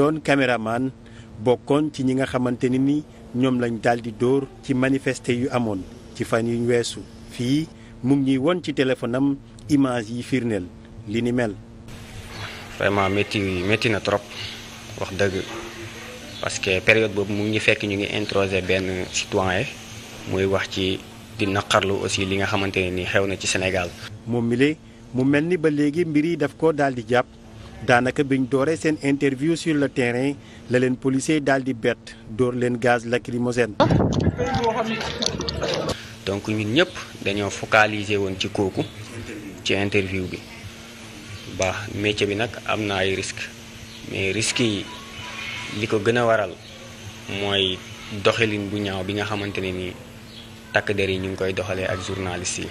doon caméraman bokkoon ci ñi nga xamante ne ni ñoom lañ daal di dóor ci manifester yu amoon ci fan yuñ weesu fii mu ngi ñuy won ci téléphone am image yi firndeel li ni mel. vraiment métti métti na trop wax dëgg parce que période boobu mu ngi fekk ñu ngi introsé benn citoyen muy wax ci di naqarlu aussi li nga xamante ne ni xew na ci Sénégal. moom mi mu mel ni ba léegi mbir yi daf ko daal di jàpp. daanaka biñ dooree seen interview sur le terrain la leen policier daal di bett door leen gaz lacrymogène. donc ñun ñëpp dañoo focaliser woon ci kooku ci interview bi baax métier bi nag am na ay risques mais risques yi li ko gën a waral mooy doxalin bu ñaaw bi nga xamante ne nii takk der yi ñu ngi koy doxalee ak journalistes yi.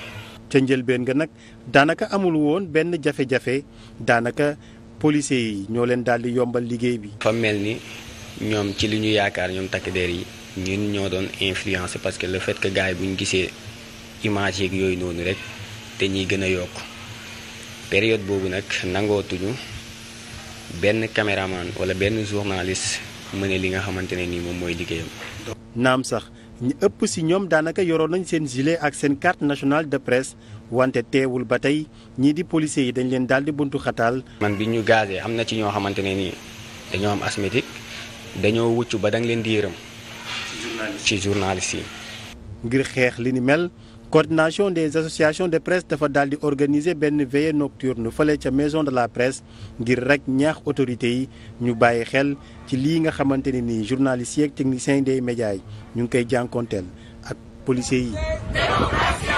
ca njëlbeen nga nag daanaka amul woon benn jafe-jafe daanaka. policiers yi ñoo leen daal di yombal liggéey bi. fa mel ni ñoom ci li ñu yaakaar ñoom takk der yi ñun ñoo doon influencé parce que le fait que gars bu ñu gisee image yeeg yooyu noonu rek te ñuy gën a yokk période boobu nag nangootuñu benn caméraman wala benn journaliste ne li nga xamante ne nii moom mooy liggéeyam. naam sax. ñi ëpp si ñoom daanaka yoroon nañ seen gilet ak seen carte nationale de presse wante teewul ba tey ñii di policiers yi dañ leen daal di buntu xataal. man bi ñu gazee am na ci ñoo xamante ne nii dañoo am asthmatique dañoo wucc ba da leen di yërëm. ci journaliste yi. ngir xeex li ni mel coordination des associations de presse dafa daal di organiser benn veillée nocturne fale ca maison de la presse ngir rek ñaax autorités yi ñu bàyyi xel ci lii nga xamante ne nii journalistes yi ak techniciens yi médias yi ñu ngi koy jànkoonteel ak policiers yi.